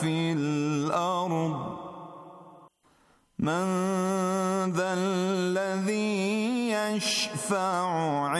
في الأرض من ذا الذي يشفع عنه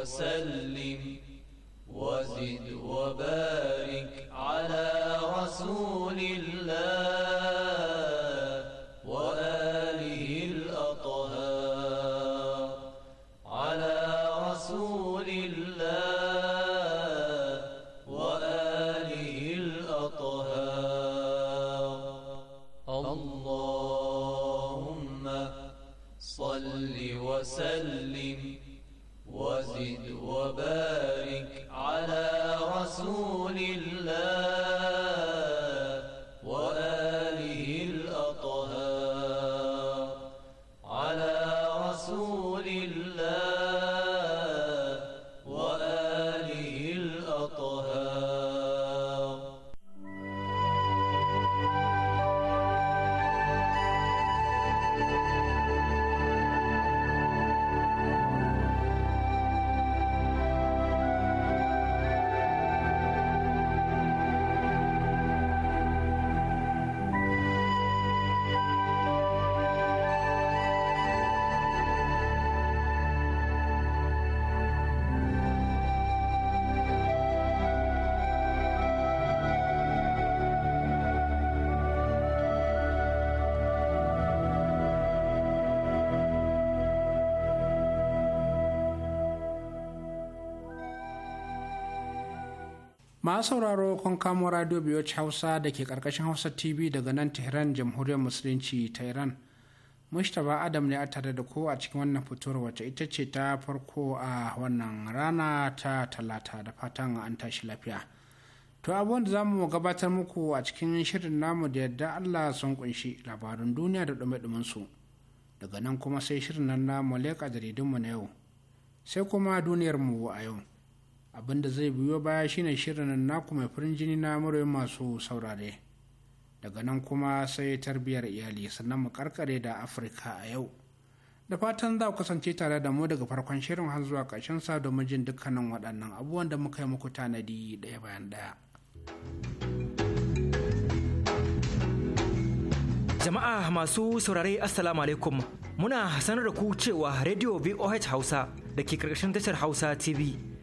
وسلم وزد وبارك sauraro kun kamo radio biyoci hausa da ke karkashin hausa tv daga nan tehran jamhuriyar musulunci ta iran mustapha adam ne a tare da ko a cikin wannan fitowar wacce ita ce ta farko a wannan rana ta talata da fatan an tashi lafiya to abubuwan da zamu gabatar muku a cikin shirin namu da yadda allah sun kunshi labarin duniya da dume su daga nan kuma sai shirin nan namu leƙa jaridunmu na yau sai kuma duniyarmu a yau abinda zai biyo baya shine shirin naku mai farin jini na muryoyin masu saurare daga nan kuma sai tarbiyar iyali sannan mu karkare da afirka a yau da fatan za ku kasance tare da mu daga farkon shirin har zuwa ƙarshen sa domin jin dukkanin waɗannan abubuwan da muka yi muku tanadi ɗaya bayan ɗaya jama'a masu saurare assalamu alaikum muna sanar da ku cewa radio voh hausa da ke karkashin tashar hausa tv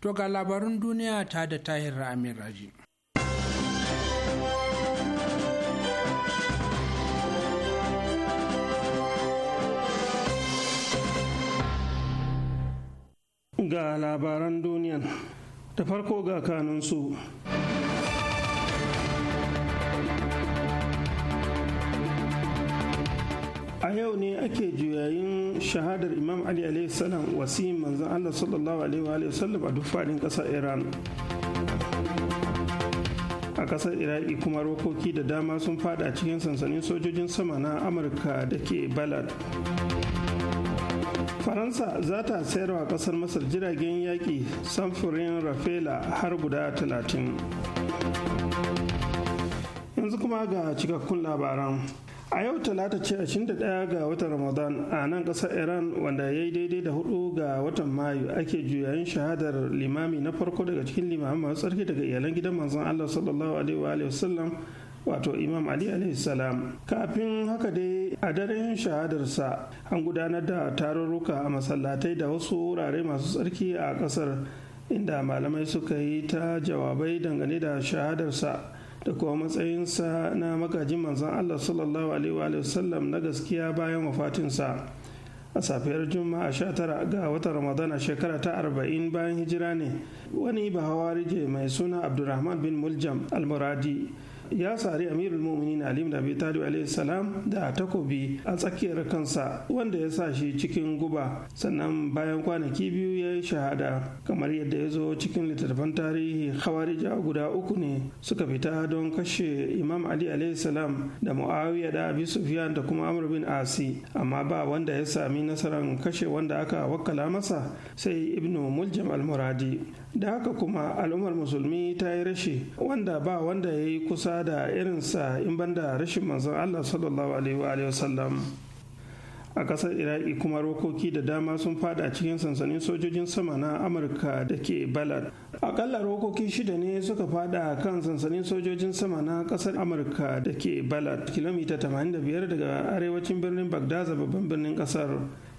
To ga labarun duniya ta da tahir Amin Raji. Ga labaran duniyan ta farko ga kanunsu. a yau ne ake juyayin shahadar imam ali salam wasi manzan allah sallallahu alaihi wa sallam a duk faɗin ƙasar iran a ƙasar iraki kuma rokoki da dama sun fada cikin sansanin sojojin sama na amurka da ke balad faransa za ta sayarwa ƙasar masar jiragen yaƙi samfurin rafela har guda talatin yanzu kuma ga cikakkun labaran a yau talata ce 21 ga watan ramadan a nan ƙasar iran wanda ya yi daidai da hudu ga watan mayu ake juyayin shahadar limami na farko daga cikin limamin masu tsarki daga iyalan gidan manzon allah sallallahu alaihi wa sallam wato imam ali salam kafin haka dai a daren shahadarsa an gudanar da tarurruka a masallatai da wasu wurare masu tsarki a kasar inda malamai suka yi ta jawabai dangane da shahadarsa da kuma matsayinsa na magajin manzan Allah sallallahu alaihi na gaskiya bayan wafatinsa a safiyar juma'a 19 ga watan ramadana shekara ta 40 bayan hijira ne wani bahawarije mai suna abdulrahman bin muljam almuradi ya sari amirul mu'minin ali ibn abi talib alaihi salam da takobi a tsakiyar kansa wanda ya sa shi cikin guba sannan bayan kwanaki biyu ya yi shahada kamar yadda ya zo cikin littattafan tarihi khawarija guda uku ne suka fita don kashe imam ali alaihi salam da muawiya da abi sufyan da kuma amr bin asi amma ba wanda ya sami nasarar kashe wanda aka wakkala masa sai ibnu muljam al-muradi da haka kuma al'ummar musulmi ta yi rashi wanda ba wanda ya yi kusa da irinsa in banda rashin manzon allah sallallahu alaihi wa a kasar iraki kuma rokoki da dama sun fada cikin sansanin sojojin sama na amurka da ke balad akalla rokoki shida ne suka fada kan sansanin sojojin sama na kasar amurka da ke balad kilomita 85 daga arewacin birnin bagdaza babban birnin kasar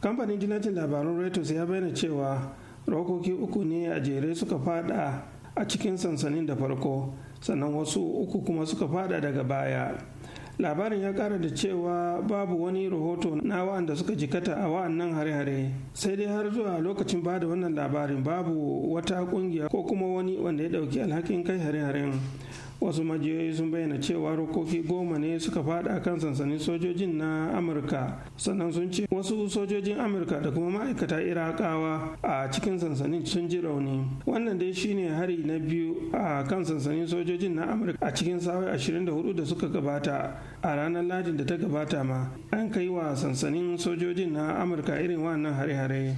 kamfanin jinajin labarun reuters ya bayyana cewa rokoki uku ne a jere suka fada a cikin sansanin da farko sannan wasu uku kuma suka fada daga baya labarin ya kara da cewa babu wani rahoto na wa'anda suka jikata a wa'annan hare-hare sai dai har zuwa lokacin bada wannan labarin babu wata kungiya ko kuma wani wanda ya ɗauki alhakin kai hare-haren wasu majiyoyi sun bayyana cewa rokoki goma ne suka fada kan sansanin sojojin na amurka sannan sun ce wasu sojojin amurka da kuma ma'aikata irakawa a cikin sansanin sun ji rauni wannan dai shine hari na biyu a kan sansanin sojojin na amurka a cikin sa'o'i 24 da suka gabata a ranar ladin da ta gabata ma an kai wa sansanin sojojin na amurka irin wannan hare-hare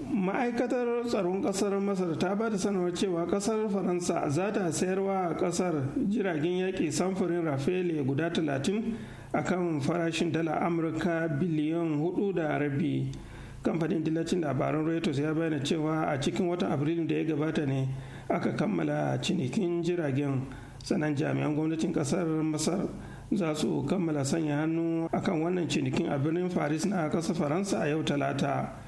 ma'aikatar tsaron kasar masar ta ba da sanarwar cewa kasar faransa za ta sayarwa a kasar jiragen yaƙi samfurin rafele guda 30 a kan farashin dala amurka biliyan 4 da rabi kamfanin dillacin labaran reuters ya bayyana cewa a cikin watan afrilu da ya gabata ne aka kammala cinikin jiragen sanan jami'an gwamnatin kasar masar za su kammala sanya hannu akan wannan cinikin a birnin faris na kasar faransa a yau talata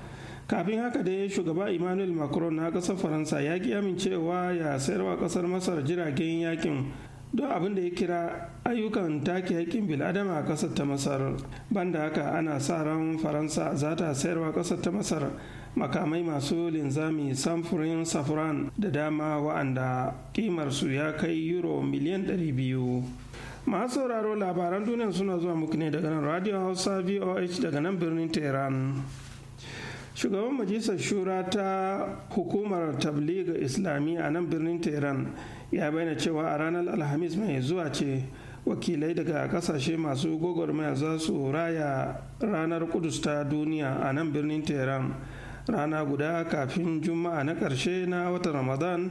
kafin haka dai shugaba emmanuel macron na kasar faransa ya ki amincewa ya sayarwa kasar masar jiragen yakin don abin da ya kira ayyukan take haƙƙin biladama a kasar ta masar banda haka ana sa ran faransa za ta sayarwa ƙasar ta masar makamai masu linzami samfurin Safran da dama wa'anda ƙimarsu ya kai euro miliyan 200 masu sauraro labaran duniya suna zuwa muku ne daga nan radio hausa voh daga nan birnin tehran shugaban majalisar shura ta hukumar tabliga islami a nan birnin tehran ya bayyana cewa a ranar alhamis mai zuwa ce wakilai daga kasashe masu gwagwarmaya za su raya ranar kudus ta duniya a nan birnin tehran rana guda kafin juma'a na ƙarshe na watan ramadan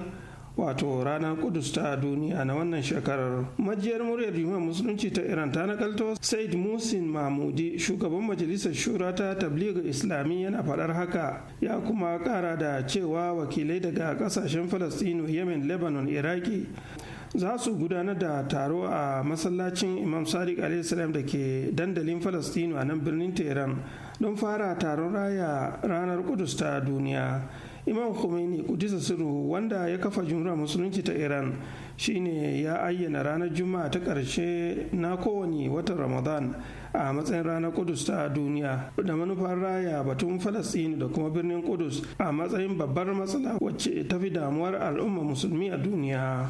wato ranar kudus ta duniya na wannan shekarar majiyar muryar juma musulunci ta iran ta nakalto said musin mahmudi shugaban majalisar shura ta tabliga islami yana faɗar haka ya kuma ƙara da cewa wakilai daga ƙasashen falastinu yemen lebanon iraki za su gudanar da taro a masallacin imam sadiq alaihissalam da ke dandalin falastinu a nan birnin tehran don fara taron raya ranar kudus ta duniya imam khomeini kudisa siru wanda ya kafa jumhuriyar musulunci ta iran shine ya ayyana ranar juma'a ta ƙarshe na kowane watan ramadan a matsayin ranar kudus ta duniya da manufar raya batun falasini da kuma birnin kudus a matsayin babbar matsala wacce ta fi damuwar al'umma musulmi a duniya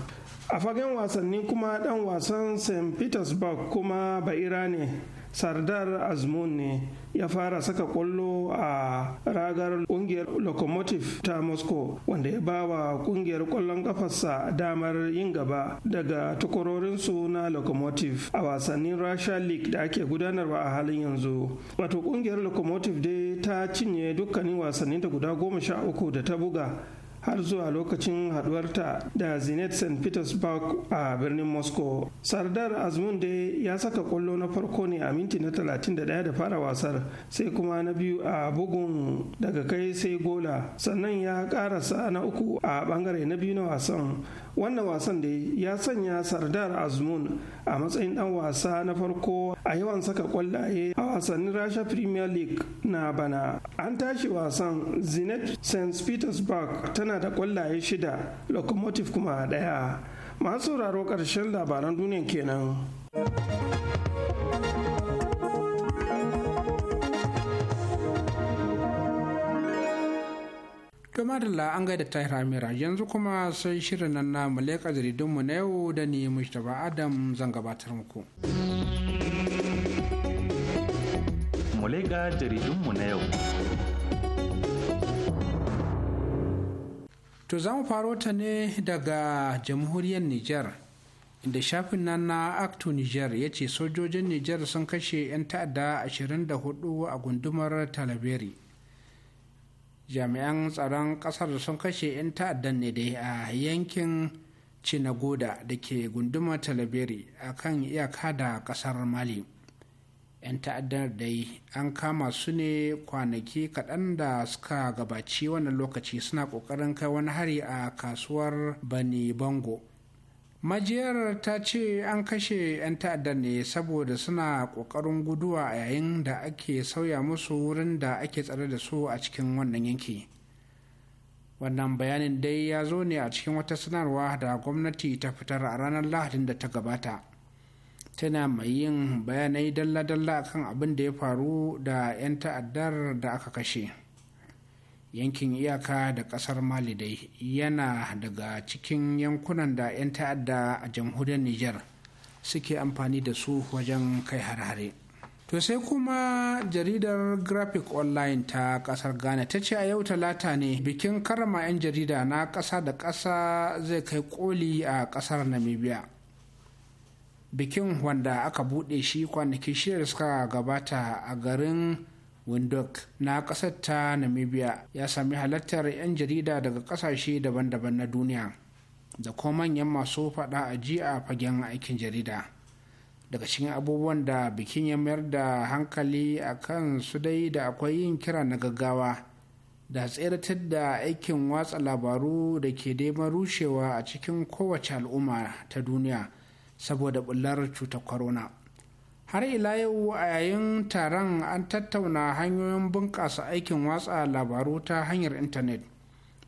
a fagen wasanni kuma dan wasan st petersburg kuma ba'ira ne sardar azmun ne ya fara saka kwallo a ragar kungiyar locomotive ta moscow wanda ya ba wa kungiyar kwallon kafarsa damar yin gaba daga takwarorinsu na locomotive a wasannin russia league da ake gudanarwa a halin yanzu wato kungiyar locomotive dai ta cinye dukkanin wasannin da guda goma sha uku da ta buga har zuwa lokacin haduwarta da zenit st petersburg a birnin moscow sardar azmun dai ya saka kwallo na farko ne a minti na 31 da fara wasar sai kuma na biyu a bugun daga kai sai gola sannan ya karasa na uku a bangare na biyu na wasan wannan wasan da ya sanya sardar azmun a matsayin dan wasa na farko a yawan saka kwallaye a wasannin rasha premier league na bana an tashi wasan zenit st petersburg tana tana da ƙwallaye shida locomotive kuma ɗaya masu sauraro ƙarshen labaran duniya kenan. To da an gaida tahir Amira yanzu kuma sai shirin nan na muleka jaridunmu na yau da ni Mustapha Adam zan gabatar muku. Muleka jaridunmu na yau. To za mu faro ta ne daga jamhuriyar Nijar, inda shafin nan na Actu Nijar ya ce sojojin Nijar sun kashe 'yan ta'adda 24 a gundumar Talaberi. Jami'an tsaron ƙasar sun kashe 'yan ta'adda ne dai a yankin Cinagoda da ke gundumar Talaberi a kan iyaka da ƙasar Mali. 'yan ta'addar da dai an kama su ne kwanaki kaɗan da suka gabaci wannan lokaci suna ƙoƙarin kai wani hari a kasuwar bani bango majiyar ta ce an kashe 'yan ta'addar ne saboda suna ƙoƙarin guduwa a yayin da ake sauya musu wurin da ake tsare da su a cikin wannan yanki wannan bayanin dai ya zo ne a cikin wata sanarwa da gwamnati ta fitar a ranar lahadin da ta gabata tana mai yin bayanai dalla-dalla kan abin da ya faru da 'yan ta'addar da aka kashe yankin iyaka da kasar mali dai yana daga cikin yankunan da 'yan ta'adda a jamhuriyar niger suke amfani da su wajen kai har-hare to sai kuma jaridar graphic online ta kasar ghana ta ce a yau talata ne bikin karama 'yan jarida na ƙasa da ƙasa zai kai koli a ƙasar namibia bikin wanda aka buɗe shi kwanaki shida da suka gabata a garin windhoek na ƙasar ta namibia ya sami halartar 'yan jarida daga ƙasashe daban-daban na duniya da kuma manyan masu faɗa a ji a fagen aikin jarida daga cikin abubuwan da bikin ya mayar da hankali a kan su dai da akwai yin kira na gaggawa da tseratar da aikin watsa labaru da ke daima rushewa a cikin kowace al'umma ta duniya saboda bullar cutar corona har ila yau a yayin taron an tattauna hanyoyin bunƙasa aikin watsa labaru ta hanyar intanet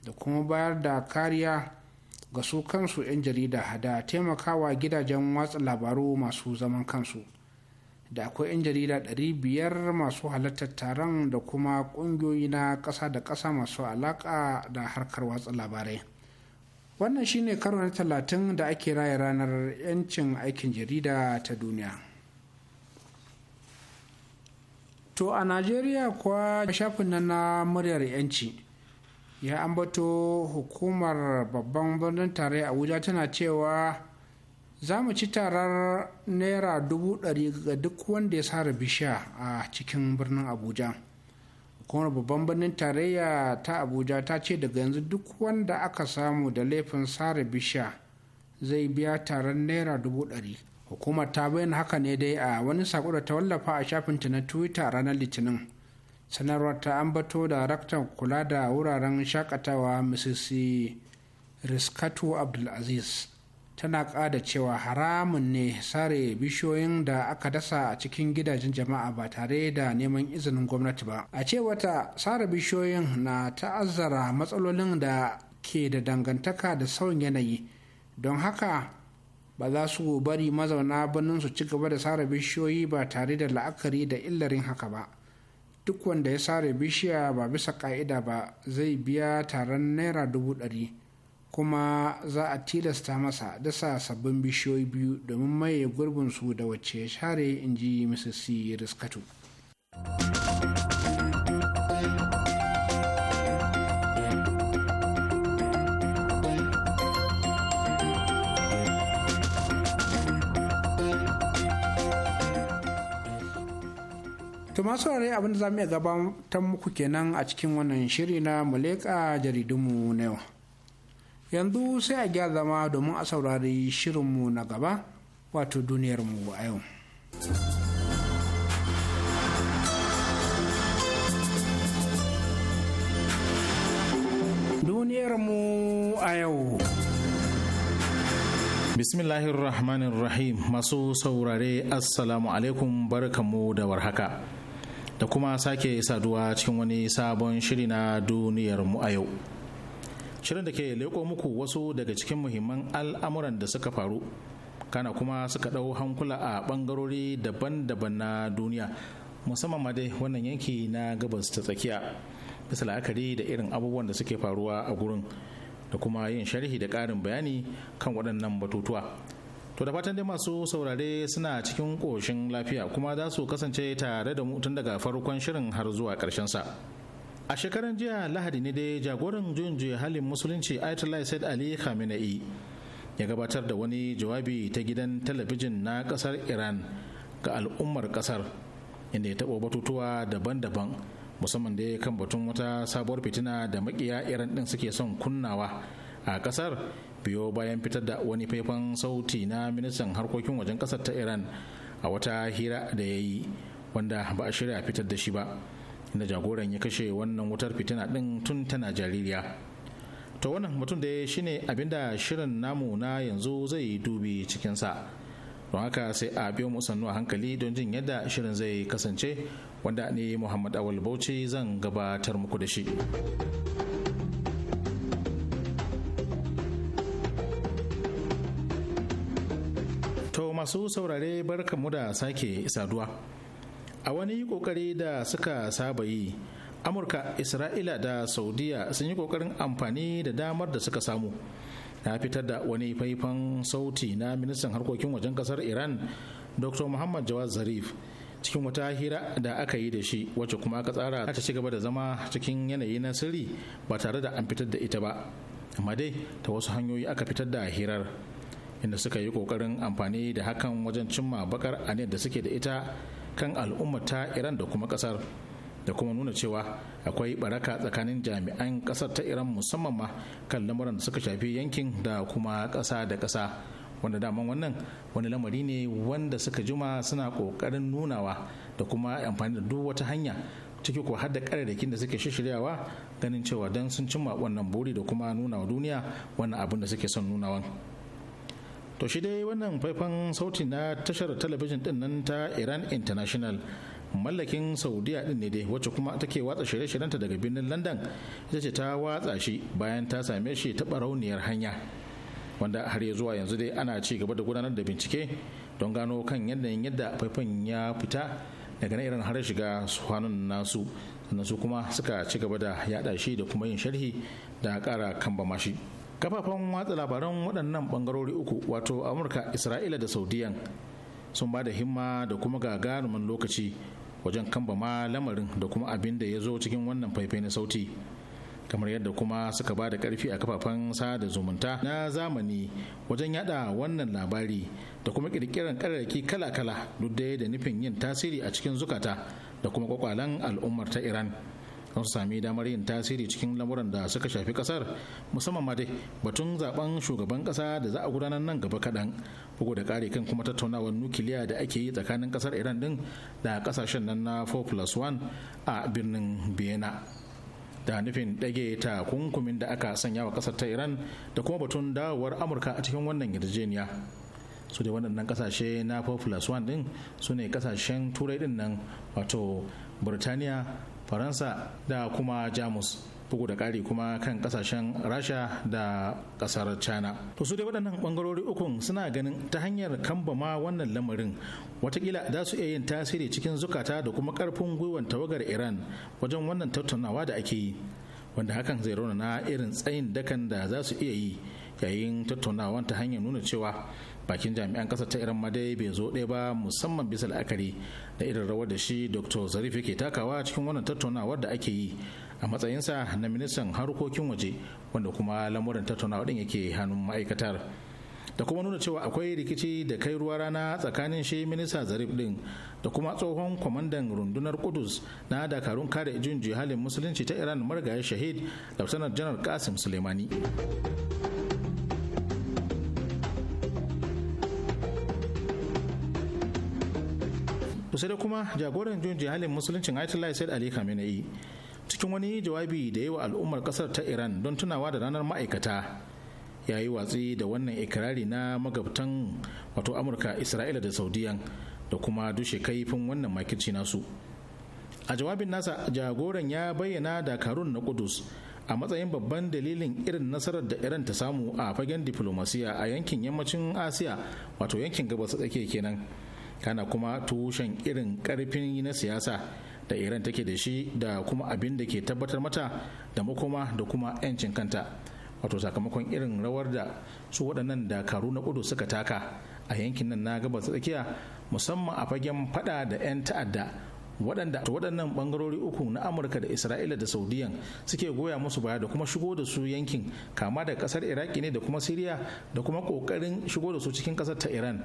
da kuma bayar da kariya ga su kansu 'yan jarida da taimakawa gidajen watsa labaru masu zaman kansu da akwai 'yan jarida biyar masu halartar taron da kuma ƙungiyoyi na ƙasa da ƙasa masu alaƙa da harkar watsa labarai wannan shine karo na talatin da ake raya ranar 'yancin aikin jarida ta duniya to a najeriya kuwa shafin nan na muryar 'yanci ya ambato hukumar babban birnin tare abuja tana cewa za mu ci tarar naira dubu ɗari ga duk wanda ya sare bishiya a cikin birnin abuja kuma babban birnin tarayya ta abuja ta ce daga yanzu duk wanda aka samu da laifin sare bisha zai biya taron naira dubu ɗari hukumar ta bayyana haka ne dai a wani sako da ta wallafa a shafinta na twitter ranar litinin sanarwar ta ambato da raktan kula da wuraren shakatawa mrs riskatu abdulaziz tana ƙada cewa haramun ne sare bishiyoyin da aka dasa a cikin gidajen jama'a ba tare da neman izinin gwamnati ba a cewata sare bishiyoyin na ta'azzara matsalolin da ke da dangantaka da sauyin yanayi don haka ba za su bari mazauna birnin su ci gaba da sare bishiyoyi ba tare da la'akari da illarin haka ba duk wanda ya sare bishiya ba bisa ka'ida ba zai biya taron naira dubu ɗari kuma za a tilasta masa dasa sabbin bishiyoyi biyu domin maye gurbinsu da wacce ya share in ji mrs riskatu tuma saurari abinda abin za mu iya gabatar muku kenan a cikin wannan shiri na mu leƙa jaridunmu na yau. yanzu sai a gya zama domin a saurari shirinmu na gaba wato duniyarmu a yau duniyarmu a yau Bismillahirrahmanirrahim masu saurare assalamu alaikum barkamu da warhaka da kuma sake saduwa cikin wani sabon shiri na duniyarmu a yau. shirin da ke leko muku wasu daga cikin muhimman al'amuran da suka faru kana kuma suka ɗau hankula a ɓangarori daban-daban na duniya musamman ma dai wannan yanki na gabas ta tsakiya bisa la'akari da irin abubuwan da suke faruwa a gurin da kuma yin sharhi da ƙarin bayani kan waɗannan batutuwa to da fatan dai masu saurare suna cikin ƙoshin lafiya kuma za su kasance tare da mu daga farkon shirin har zuwa ƙarshen sa. a shekaran jiya lahadi ne dai jagoran juyin juya halin musulunci ayatollah said ali khamenei ya gabatar da wani jawabi ta gidan talabijin na kasar iran ga al'ummar kasar inda ya taɓa batutuwa daban-daban musamman da kan batun wata sabuwar fitina da makiya iran ɗin suke son kunnawa a kasar biyo bayan fitar da wani faifan sauti na ministan harkokin wajen kasar ta iran a wata hira da ya yi wanda ba a shirya fitar da shi ba inda jagoran ya kashe wannan wutar fitina din tun tana jaririya to wannan mutum da shine abinda shirin namu na yanzu zai dubi cikinsa don haka sai a biyo mu sannu a hankali don jin yadda shirin zai kasance wanda ni muhammad awal bauchi zan gabatar muku da shi to masu saurare barkamu da sake saduwa a wani kokari da suka saba yi amurka isra'ila da saudiya sun yi kokarin amfani da damar da suka samu na fitar da wani faifan sauti na ministan harkokin wajen kasar iran dr muhammad jawad zarif cikin wata hira da aka yi da shi wacce kuma aka tsara ta ci gaba da zama cikin yanayi na sirri ba tare da an fitar da ita ba amma dai ta wasu hanyoyi aka fitar da hirar inda suka yi kokarin amfani da hakan wajen cimma bakar aniyar da suke da ita kan al'umma ta iran da kuma kasar da kuma nuna cewa akwai baraka tsakanin jami'an kasar ta iran musamman ma kan lamuran da suka shafi yankin da kuma kasa da kasa wanda daman wannan wani lamari ne wanda suka juma suna kokarin nunawa da kuma amfani da duk wata hanya ciki ko har da kararrakin da suke shishiryawa ganin cewa don sun cimma wannan buri da kuma nuna wa duniya wannan abin da suke son nunawan. to shi dai wannan faifan sauti na tashar talabijin din nan ta iran international mallakin saudiya din ne dai wacce kuma take watsa shirye-shiryenta daga birnin london ita ce ta watsa shi bayan ta same shi ta barauniyar hanya wanda har ya zuwa yanzu dai ana ci gaba da gudanar da bincike don gano kan yanayin yadda faifan ya fita daga na irin har shiga suhanun nasu sannan su kuma suka ci gaba da yada shi da kuma yin sharhi da kara ba mashi. kafafen watsa labaran waɗannan ɓangarori uku wato amurka isra'ila da saudiyan sun ba da himma da kuma gagarumin lokaci wajen kambama lamarin da kuma abin da ya zo cikin wannan faifai na sauti kamar yadda kuma suka ba da karfi a kafafen sada zumunta na zamani wajen yada wannan labari da kuma ƙirƙirar kararraki kala-kala duk da nufin yin tasiri a cikin zukata da kuma ƙwaƙwalen al'ummar ta iran don sami damar yin tasiri cikin lamuran da suka shafi kasar musamman ma dai batun zaben shugaban kasa da za a gudanar nan gaba kaɗan bugu da kare kan kuma tattaunawar nukiliya da ake yi tsakanin kasar iran din da kasashen nan na 4 plus 1 a birnin biyana da nufin ɗage kunkumin da aka sanya wa kasar ta iran da kuma batun dawowar amurka a cikin wannan yarjejeniya su da waɗannan ƙasashe na 4 plus 1 ɗin su ne ƙasashen turai ɗin nan wato burtaniya faransa da kuma jamus bugu da ƙari kuma kan ƙasashen rasha da ƙasar china to su dai waɗannan ɓangarori ukun suna ganin ta hanyar kambama wannan lamarin watakila za su iya yin tasiri cikin zukata da kuma ƙarfin gwiwan tawagar iran wajen wannan tattaunawa da ake yi wanda hakan zai na irin tsayin dakan da za su iya yi yayin tattaunawa ta hanyar nuna cewa bakin jami'an kasa ta iran madai bai zo ɗaya ba musamman bisa la'akari da irin rawar da shi dr zarif yake takawa cikin wannan tattaunawar da ake yi a matsayinsa na ministan harkokin waje wanda kuma lamuran tattaunawa ɗin yake hannun ma'aikatar da kuma nuna cewa akwai rikici da kai ruwa rana tsakanin shi minista zarif din da kuma tsohon kwamandan rundunar kudus na dakarun kare jin halin musulunci ta iran marigayi shahid lautanar janar kasim suleimani kusa da kuma jagoran jun jihalin musuluncin ayatollah said ali khamenei cikin wani jawabi da yawa al'ummar kasar ta iran don tunawa da ranar ma'aikata ya yi watsi da wannan ikirari na magabtan wato amurka isra'ila da saudiyan da kuma dushe kaifin wannan makirci nasu a jawabin nasa jagoran ya bayyana dakarun na kudus a matsayin babban dalilin irin nasarar da iran ta samu a fagen diplomasiya a yankin yammacin asiya wato yankin gabas tsakiya kenan kana kuma tushen irin karfin na siyasa da iran take da shi da kuma abin da ke tabbatar mata da makoma da kuma 'yancin kanta wato sakamakon irin rawar da su waɗannan dakaru na kudu suka taka a yankin nan na gabas tsakiya musamman a fagen fada da 'yan ta'adda waɗanda waɗannan ɓangarori uku na amurka da isra'ila da saudiyan suke goya musu baya da kuma shigo da su yankin kama da ƙasar iraki ne da kuma siriya da kuma ƙoƙarin shigo da su cikin ƙasar ta iran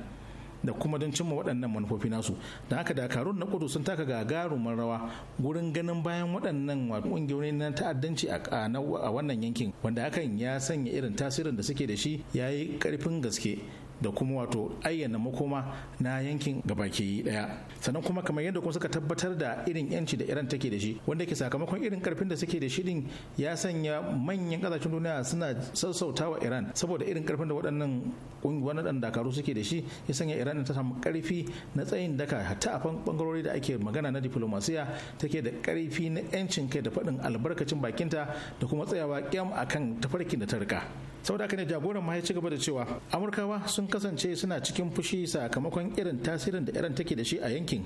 da kuma don cimma waɗannan manufofi nasu da haka dakarun na kudu sun taka gagarumin rawa gurin ganin bayan waɗannan ƙungiyoyi na ta'addanci a wannan yankin wanda hakan ya sanya irin tasirin da suke da shi ya yi ƙarfin gaske da kuma wato ayyana makoma na yankin gabaki daya sannan kuma kamar yadda kuma suka tabbatar da irin yanci da iran take da shi wanda ke sakamakon irin karfin da suke da shi din ya sanya manyan kasashen duniya suna sassauta wa iran saboda irin karfin da waɗannan waɗannan dakaru suke da shi ya sanya iran ta samu karfi na tsayin daka hatta a bangarori da ake magana na diplomasiya take da karfi na yancin kai da faɗin albarkacin bakinta da kuma tsayawa kyam akan tafarkin da ta rika saboda haka ne jagoran ma ya ci gaba da cewa amurkawa sun kasance suna cikin fushi sakamakon irin tasirin da iran take da shi a yankin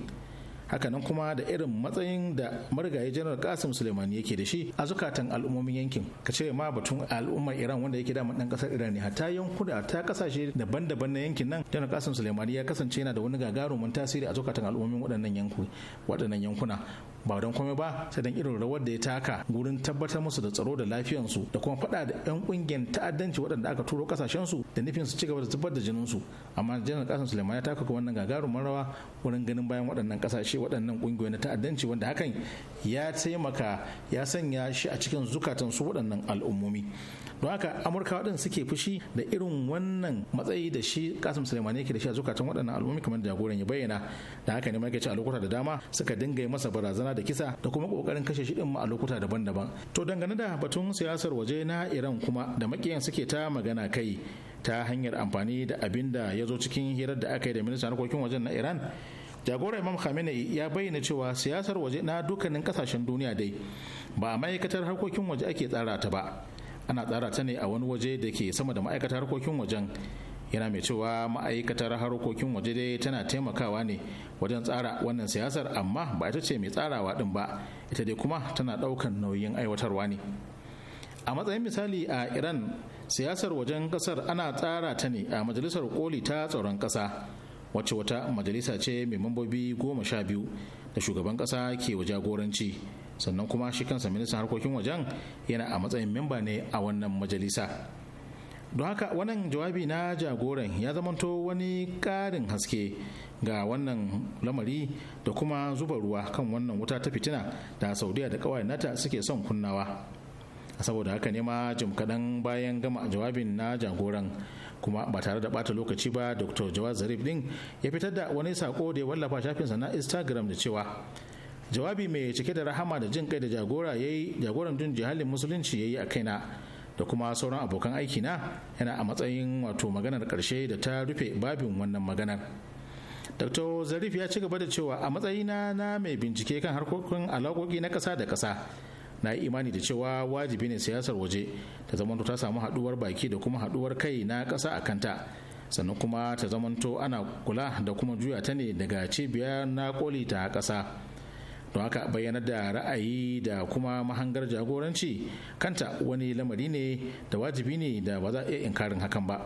hakanan kuma da irin matsayin da marigayi janar kasim suleimani yake da shi a zukatan al'ummomin yankin ka ce ma batun al'ummar iran wanda yake dama dan kasar iran ne hatta yankuna ta kasashe daban-daban na yankin nan janar kasim suleimani ya kasance yana da wani gagarumin tasiri a zukatan al'ummomin waɗannan yankuna ba don komai ba sai dan irin rawar da ya taka gurin tabbatar musu da tsaro da lafiyansu da kuma faɗa da 'yan ƙungiyar ta'addanci waɗanda aka turo su da nufin su ci gaba da zubar da jininsu amma janar kasan suleiman ya taka wannan gagarumin rawa wurin ganin bayan waɗannan kasashe waɗannan ƙungiyoyi na ta'addanci wanda hakan ya taimaka ya sanya shi a cikin zukatan su waɗannan al'ummomi don haka amurkawa din suke fushi da irin wannan matsayi da shi kasim suleimani yake da shi a zukatan waɗannan al'ummi kamar da jagoran ya bayyana da haka ne ce a lokuta da dama suka dinga yi masa barazana da kisa da kuma kokarin kashe shi din ma a lokuta daban-daban to dangane da batun siyasar waje na iran kuma da makiyan suke ta magana kai ta hanyar amfani da abin da ya zo cikin hirar da aka yi da ministan harkokin wajen na iran jagoran imam khamenei ya bayyana cewa siyasar waje na dukkanin kasashen duniya dai ba a ma'aikatar harkokin waje ake tsara ta ba ana tsara ta ne a wani waje da ke sama da ma'aikatar harkokin wajen yana mai cewa ma'aikatar harkokin waje dai tana taimakawa ne wajen tsara wannan siyasar amma ba ita ce mai tsarawa din ba ita dai kuma tana daukan nauyin aiwatarwa ne a matsayin misali a iran siyasar wajen kasar ana tsara ta ne a majalisar koli ta tsaron kasa wacce wata majalisa ce mai mambobi goma sha biyu da shugaban kasa ke wa jagoranci sannan kuma shi kansa ministan harkokin wajen yana a matsayin memba ne a wannan majalisa don haka wannan jawabi na jagoran ya zamanto wani ƙarin haske ga wannan lamari da kuma zuba ruwa kan wannan wuta ta fitina da saudiya da kawai nata suke son kunnawa saboda haka ne ma jim kaɗan bayan gama jawabin na jagoran kuma ba tare da bata lokaci ba dr jawad zarif din ya fitar da wani sako da ya wallafa shafinsa na instagram da cewa jawabi mai cike da rahama da jin kai da jagora yayi jagoran jin jihalin musulunci yayi a kaina da kuma sauran abokan aiki na yana a matsayin wato maganar karshe da ta rufe babin wannan maganar dr zarif ya ci gaba da cewa a matsayina na mai bincike kan harkokin alaƙoƙi na ƙasa da ƙasa na yi imani da cewa wajibi ne siyasar waje ta zamanto ta samu haɗuwar baki da kuma haɗuwar kai na ƙasa a kanta sannan kuma ta zamanto ana kula da kuma juya ta ne daga cibiyar na koli ta ƙasa don haka bayyanar da ra'ayi da kuma mahangar jagoranci kanta wani lamari ne da wajibi ne da ba za a iya inkarin hakan ba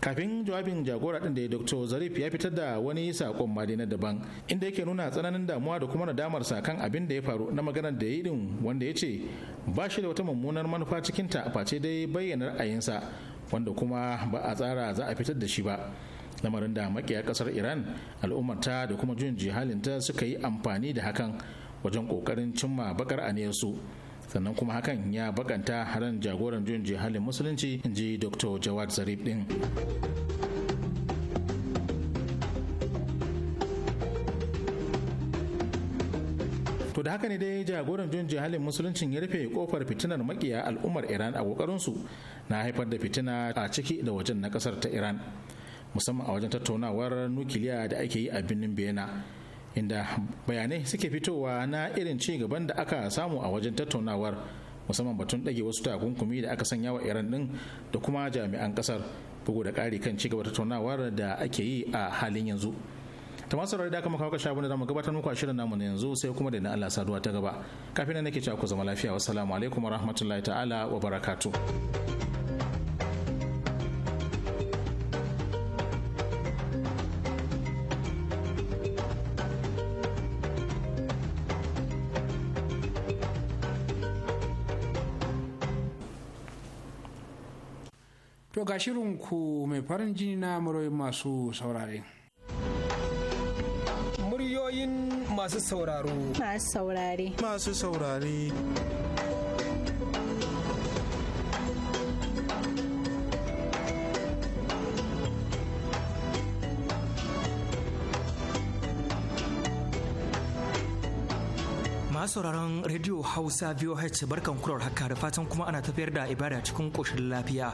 kafin jawabin jagora din da ya dr zarif ya fitar da wani sakon mali na daban inda yake nuna tsananin damuwa da kuma nadamar sa kan abin da ya faru na maganar da ya din wanda ya ce ba shi da wata mummunar manufa cikinta face dai bayyana ra'ayinsa wanda kuma ba a tsara za a fitar da shi ba lamarin da makiya kasar iran al'ummata da kuma juyin jihalinta suka yi amfani da hakan wajen kokarin cimma bakar aniyarsu sannan kuma hakan ya bakanta haran jagoran juyin jihalin musulunci in ji dr jawad zarif din to da haka ne dai jagoran juyin jihalin musuluncin ya rufe kofar fitinar makiya al'ummar iran a kokarinsu na haifar da fitina a ciki da wajen na kasar ta iran musamman a wajen tattaunawar nukiliya da ake yi a birnin bena inda bayanai suke fitowa na irin ci gaban da aka samu a wajen tattaunawar musamman batun ɗage wasu takunkumi da aka sanya wa iran ɗin da kuma jami'an ƙasar bugu da ƙari kan ci gaba tattaunawar da ake yi a halin yanzu ta masu da aka makawa kashe da mu gabatar muku a shirin namu na yanzu sai kuma da na Allah saduwa ta gaba kafin nan nake cewa ku zama lafiya wassalamu alaikum warahmatullahi ta'ala wa barakatuh ga shirinku mai farin jini na muryoyin masu saurare. Muryoyin masu sauraro. Masu saurare. Masu saurare. sauraron Radio Hausa VOH barkan kurar haka da fatan kuma ana tafiyar da ibada cikin ƙoshin lafiya.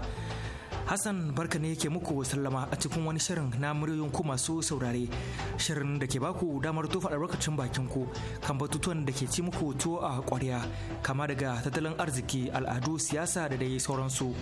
Hassan barka ne yake muku sallama a cikin wani shirin na muryoyin ku masu saurare. Shirin da ke baku damar tofa albarkacin bakin ku kan batutuwan da ke ci muku tuwo a kwarya kama daga tattalin arziki, al'adu, siyasa da dai sauransu.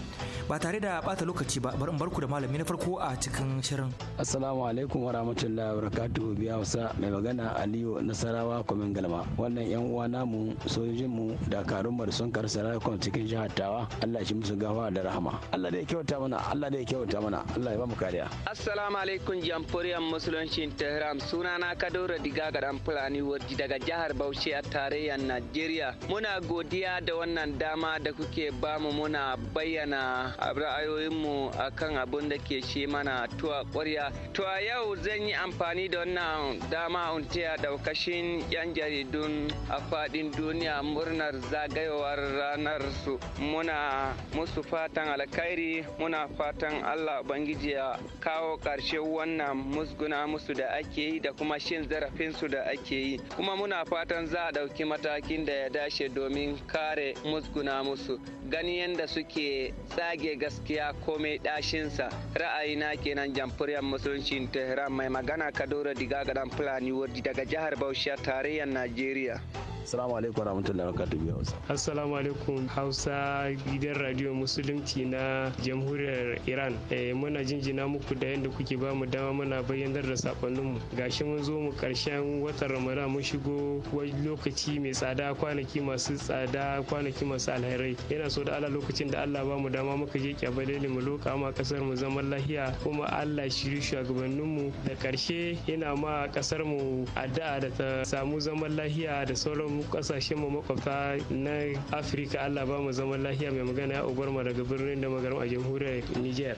Ba tare da bata lokaci ba bari in barku da malami na farko a cikin shirin. Assalamu alaikum wa rahmatullahi wa barakatuhu biya wasa mai magana Aliyu Nasarawa Kwamin Galma. Wannan yan uwa namu sojojinmu mu da sun karsa rayukan cikin jihar Tawa. Allah shi musu gawa da rahama. Allah da ya kyauta mana Allah da ya kyauta mana Allah ya ba mu kariya assalamu alaikum jamhuriyar musuluncin tehran sunana kadoro diga ga dan fulani warji daga jihar bauchi a tarayyar najeriya muna godiya da wannan dama da kuke bamu muna bayyana ra'ayoyinmu akan abun da ke shi mana tuwa ƙwarya to a yau zan yi amfani da wannan dama in taya daukashin yan jaridun a fadin duniya murnar zagayowar ranar su muna musu fatan alkhairi muna muna fatan allah ubangiji ya kawo ƙarshen wannan musguna musu da ake yi da kuma shin zarafinsu da ake yi kuma muna fatan za a ɗauki matakin da ya dace domin kare musguna musu gani yadda suke tsage gaskiya komai ɗashinsa ra'ayina kenan jamfuriyar musulunci tehran mai magana kadoro diga ga dan fulani wardi daga jihar bauchi tarayyar najeriya Assalamu alaikum warahmatullahi wabarakatuh Hausa. Assalamu alaikum Hausa gidan radio Musulunci na Jamhuriyar Iran. Eh, muna jinjina muku da yadda kuke ba mu dama muna bayyanar da sakonninmu. Gashi mun zo mu karshen watan Ramadan mun shigo wani lokaci mai tsada kwanaki masu tsada kwanaki masu alherai. Yana so so da ala lokacin da Allah ba mu dama muka je kyabalele mu loka ma kasar mu zaman lahiya kuma Allah shiri shugabannin mu da karshe yana ma kasar mu addu'a da ta samu zaman lahiya da sauran kasashen mu makwabta na Afirka Allah ba mu zaman lahiya mai magana ya ubar mu daga birnin da magaram a jamhuriyar Niger.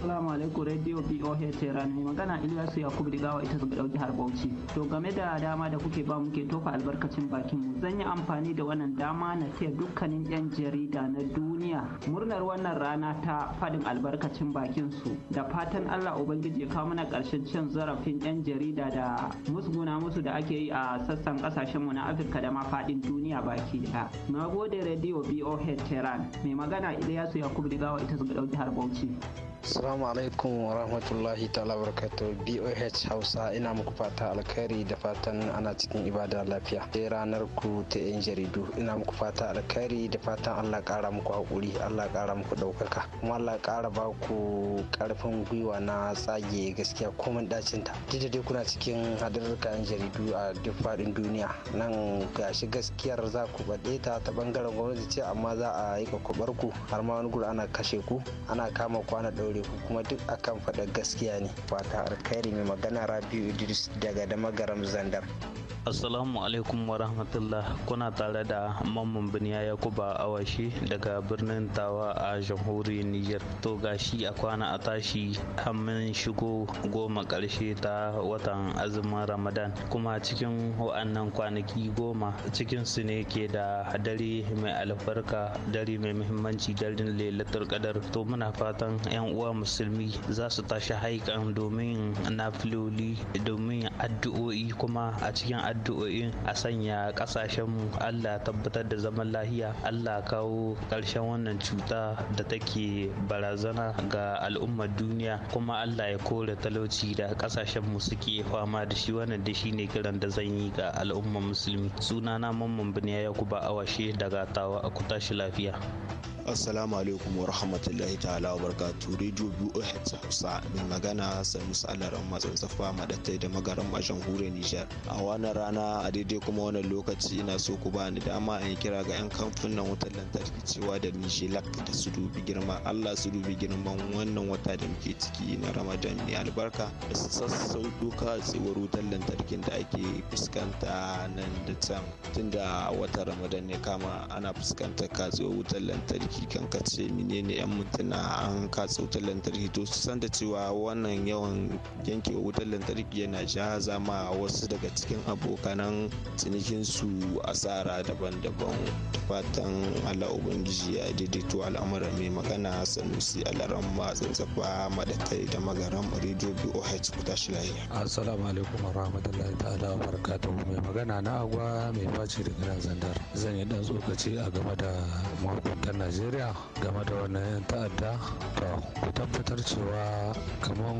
Assalamu alaikum Radio BOH Tehran mai magana Ilyasu Yakubu Digawa ita ga dauki har Bauchi. To game da dama da kuke ba mu ke tofa albarkacin bakin mu zan yi amfani da wannan dama na taya dukkanin yan jarida na na duniya murnar wannan rana ta faɗin albarkacin bakin su da fatan Allah Ubangiji ya kawo mana karshen cin zarafin 'yan jarida da musguna musu da ake yi a sassan ƙasashen mu na Afirka da ma faɗin duniya baki daya Na gode Radio BOH Tehran mai magana Ilyasu Yakubu Digawa ita su ga ɗauki harbauci Bauchi. Assalamu alaikum wa rahmatullahi ta'ala barakatu BOH Hausa ina muku fata alkhairi da fatan ana cikin ibada lafiya. Sai ranar ku ta yan jaridu ina muku fata alkhairi da fatan Allah kara muku hakuri, Allah kara muku daukaka, kuma Allah kara ba ku karfin gwiwa na tsage gaskiya komai dacin ta. Duk da dai kuna cikin hadarurka yan jaridu a duk faɗin duniya nan gashi gaskiyar za ku baɗe ta ta bangaren gwamnati ce amma za a yi kubar ku har ma wani gura ana kashe ku ana kama kwana ɗaure kuma duk akan faɗa gaskiya ne fata alkhairi mai magana rabiu idris daga damagaram zandar Assalamu alaikum wa rahmatullah kuna tare da mamman biniya yakuba awashi daga birnin tawa a jamhuriyar Nijar. To gashi a kwana a tashi hannun shigo goma karshe ta watan azumin Ramadan kuma cikin wa'annan kwanaki goma cikin su ne ke da dare mai albarka dare mai muhimmanci dare lailatul kadar. to muna fatan yan uwa musulmi za su tashi haikan domin nafiloli domin addu'o'i kuma a cikin addu'o'i a sanya kasashenmu allah tabbatar da zaman lahiya allah kawo karshen wannan cuta da take barazana ga al'ummar duniya kuma allah ya kore talauci da kasashenmu suke fama da shi wannan da shi ne kiran da zan yi ga al'ummar musulmi suna sunana mamman biniya a awashe daga tawa a tashi lafiya Assalamu alaikum wa rahmatullahi ta'ala wa barakatuh. Radio BOH Hausa mai magana Sanusi Alaran amma tsantsafa Madattai da Magaran a Hure Nijar. A wannan rana a daidai kuma wannan lokaci ina so ku ba ni dama in kira ga 'yan kamfanin wutar lantarki cewa da Nijilak da su dubi girma Allah su dubi girman wannan wata da muke ciki na Ramadan mai albarka da su sassauto katsewar wutar lantarkin da ake fuskanta nan da can tunda wata Ramadan ne kama ana fuskantar katsewar wutar lantarki kan ka ce menene yan mintuna an katse wutar lantarki to su san da cewa wannan yawan yanke wutar lantarki yana jaza ma wasu daga cikin abokanan cinikin su asara daban-daban fatan Allah ubangiji ya daidaito al'amuran mai magana sanusi alaran ma tsafa madatai da magaran rediyo BOH ku tashi lahiya assalamu alaikum wa rahmatullahi ta'ala wa barakatuhu mai magana na agwa mai faci da zandar zan yi dan tsokaci a game da mahukuntar Najeriya najeriya game da wannan yan ta'adda to ku tabbatar cewa kamar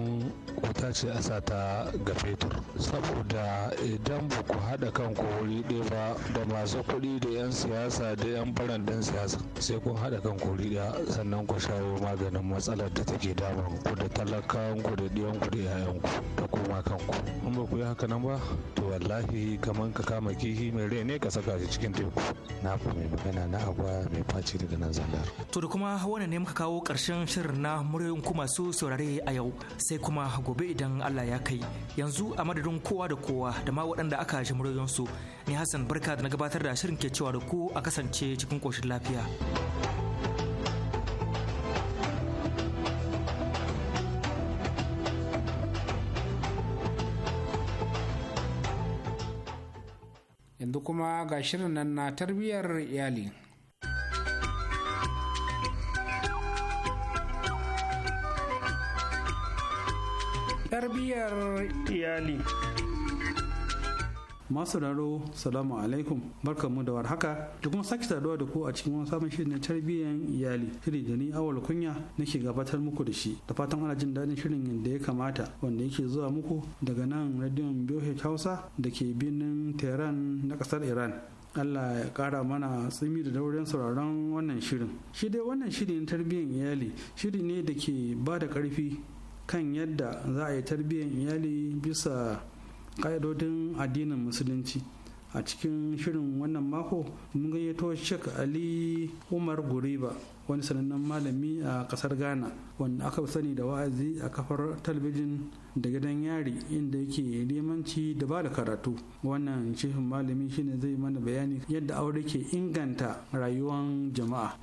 wuta ce asa ta ga fetur saboda idan ba ku haɗa kanku wuri ɗaya ba da masu kuɗi da 'yan siyasa da 'yan baran siyasa sai kun haɗa kanku wuri ɗaya sannan ku shawo maganin matsalar da take damun ku da talakan ku da ɗiyan da 'ya'yan ku da koma kanku in ba ku yi haka nan ba to wallahi kamar ka kama kifi mai rai ne ka saka shi cikin teku na ku mai magana na agwa mai face daga nan za To da kuma wannan ne muka kawo ƙarshen shirin na muryoyin ku masu saurare a yau sai kuma gobe idan Allah ya kai yanzu a madadin kowa da kowa da ma waɗanda aka ji muryoyinsu ni Hassan barka da na gabatar da shirin ke cewa da ku a kasance cikin ƙoshin lafiya. yanzu kuma ga shirin nan na tarbiyyar iyali tarbiyyar iyali masu raro salamu alaikum barkamu da warhaka da kuma sake saduwa da ku a cikin wani sabon shirin na tarbiyyar iyali shiri da ni awal kunya nake gabatar muku da shi da fatan ana jin daɗin shirin yadda ya kamata wanda yake zuwa muku daga nan radiyon BOH Hausa da ke birnin Tehran na ƙasar Iran Allah ya kara mana tsimi da dauren sauraron wannan shirin. Shi dai wannan shirin tarbiyyar iyali shiri ne da ke ba da ƙarfi kan yadda za a yi tarbiyyar iyali bisa ƙa'idodin addinin musulunci a cikin shirin wannan mako mun gayyato shek Ali Umar Guriba wani sanannen malami a kasar Ghana wanda aka sani da wa'azi a kafar talabijin da gidan yari inda yake limanci da ba da karatu wannan shehin malami shine zai mana bayani yadda aure ke inganta rayuwar jama'a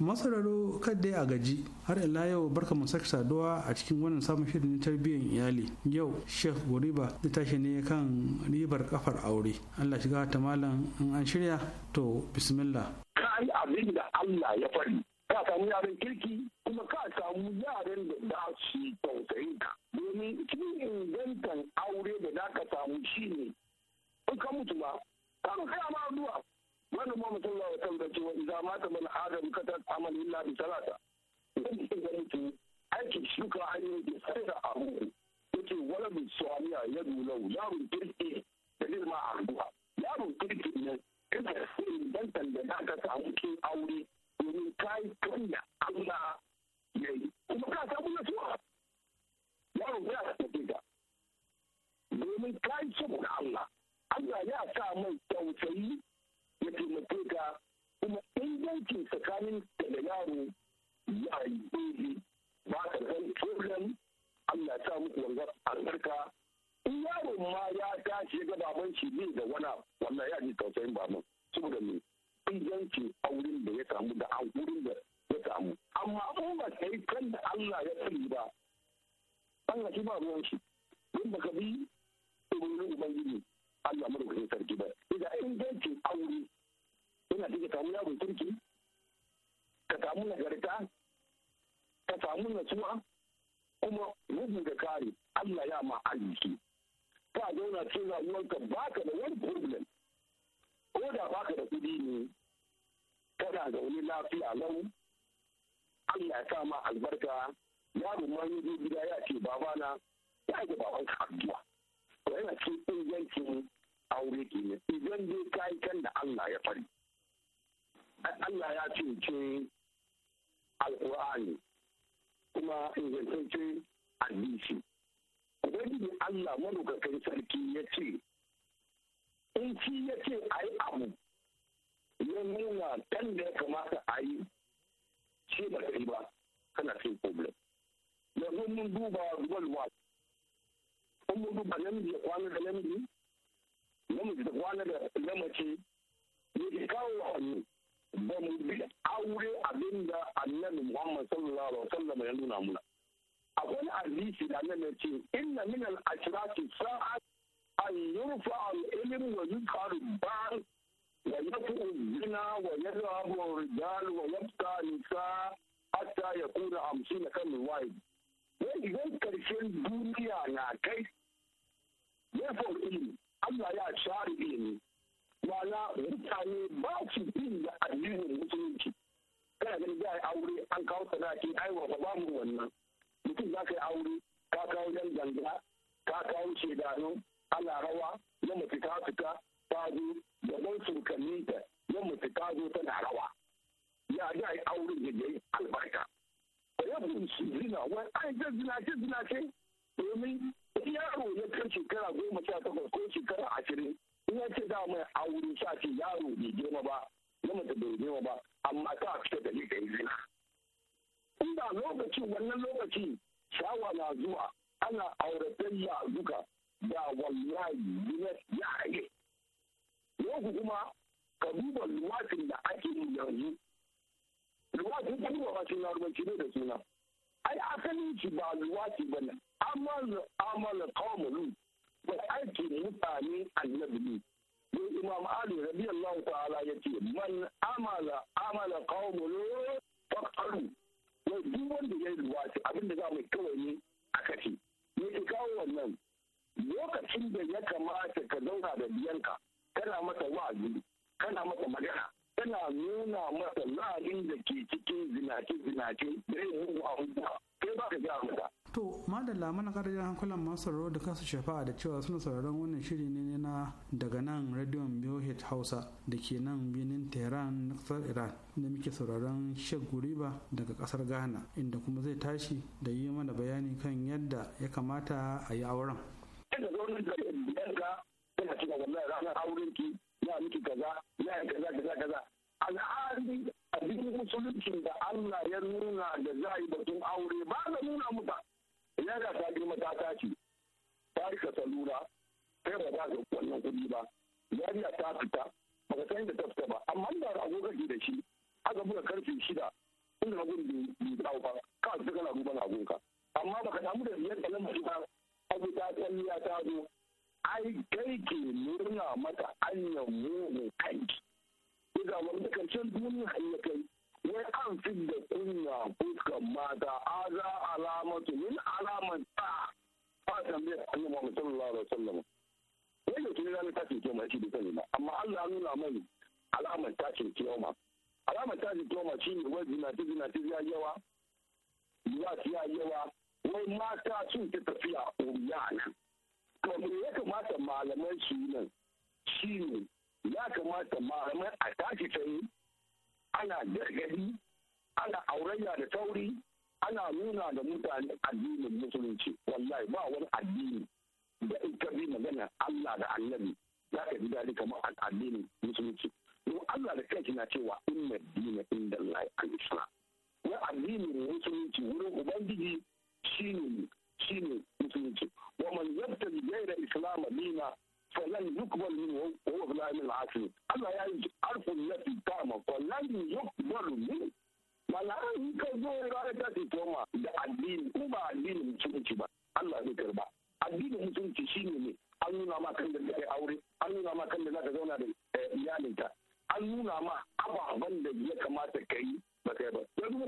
masararo kadai a gaji har ila yau barka mu sake saduwa a cikin wannan samun shirin tarbiyyar iyali yau sheikh goriba da tashi ne kan ribar kafar aure allah shiga ta malam in an shirya to bismillah ka yi abin da allah ya fari ka samu yaran kirki kuma ka samu yaran da za su tausayin ka domin cikin ingantan aure da za ka samu shi ne in ka mutu ba ka kai ma addu'a wani ma mutum za ya tambace wa idan mata mana adam kata ta amal illa bi talata idan mutum ya mutu aiki shuka hanyoyi da sai da abu ce wala bi suwaniya ya dulau yaron kirki da zai ma arguwa yaron kirki ne ina sai dan tallata ka samu ke aure domin kai kanya Allah ya yi kuma ka samu nasuwa yaron ya tafi ka domin kai saboda Allah Allah ya sa mai tausayi ya taimake ka kuma inganci tsakanin da da yaro ya yi daidai ba ka zai problem Allah ya sa muku wanzar albarka in yaro ma ya tashi ga baban shi ne da wana wannan ya ji tausayin baban saboda me inganci auren da ya samu da an wurin da ya samu amma in ba kai kan da Allah ya sani ba Allah shi ba ruwan shi in baka bi umarnin ubangiji Allah madaukakin sarki ba idan ingancin aure yana da ka samu yaron turki, ka samu nagarta ka samu natsuwa kuma bugu ka kare Allah ya ma arziki ka zauna cikin rayuwarka baka da wani problem ko da baka da kuɗi ne kana da wani lafiya lau Allah ya sa ma albarka yaro ma ya gida ya ce babana ya ga babanka addu'a to yana cikin ingancin aure kenan idan dai kai kan da Allah ya fari Allah ya cuce alƙur'ani kuma ingantacce hadisi ubangiji Allah madaukakan sarki ya ce in ci ya ce a yi abu ya nuna kan da ya kamata a yi shi ba ta yi ba kana cin problem zo mun duba gwalwa in mun duba namiji ya kwana da namiji namiji da kwana da lamace, ya ke kawo wa hannu ba mu bi aure abinda annabi Muhammad sallallahu alaihi wasallam ya nuna muna akwai hadisi da annabi ya ce inna min al-ashrati sa'at an yurfa al-ilm wa yuzkar al-ba'd wa yafu zina wa yadhabu ar-rijal wa yabqa nisa hatta yakuna 50 kan wahid wai idan karshen duniya na kai yafu ilmi Allah ya share ilimi wala mutane ba su bin da addinin musulunci kana ganin za a yi aure an kawo sadaki ai wa ba mu wannan mutum za ka yi aure ka kawo yan ganga ka kawo shedanu ana rawa na mutu ta fita ta zo surkanni ta na mutu ta zo tana rawa ya za a yi aure da ya yi albarka ba ya fi su zina wani zina ce zinace zinace domin yaro ya kai shekara goma sha takwas ko shekara ashirin in ya ce da mai aure sa ce yaro bai girma ba na mace bai girma ba amma ta fita da ka yi zina in lokaci wannan lokaci shawa na zuwa ana ya duka da wallahi zina ya rage yau kuma ka duba luwafin da ake yi yanzu luwafin ka duba ba suna rubanci ne da suna ai asalin shi ba luwati ba ne amal amal qawmulu da aikin mutane annabi ne don imam ali radiyallahu ta'ala ya ce man amala amala qaumu lut faqalu wai duk wanda ya yi luwaci abinda za mu kawai ne a kashe me ke kawo wannan lokacin da ya kamata ka zauna da biyanka kana masa wa'azi kana masa magana kana nuna masa la'adin da ke cikin zinace-zinace da yin mugu abubuwa kai ba ka gaya mata to madalla mana ƙarfin hankulan masu sauraro da kasu shafa'a da cewa suna sauraron wannan shiri ne na daga nan radiyon BOH Hausa da ke nan birnin Tehran na kasar Iran da muke sauraron Sheikh Guriba daga kasar Ghana inda kuma zai tashi da yi mana bayani kan yadda ya kamata a yi auren.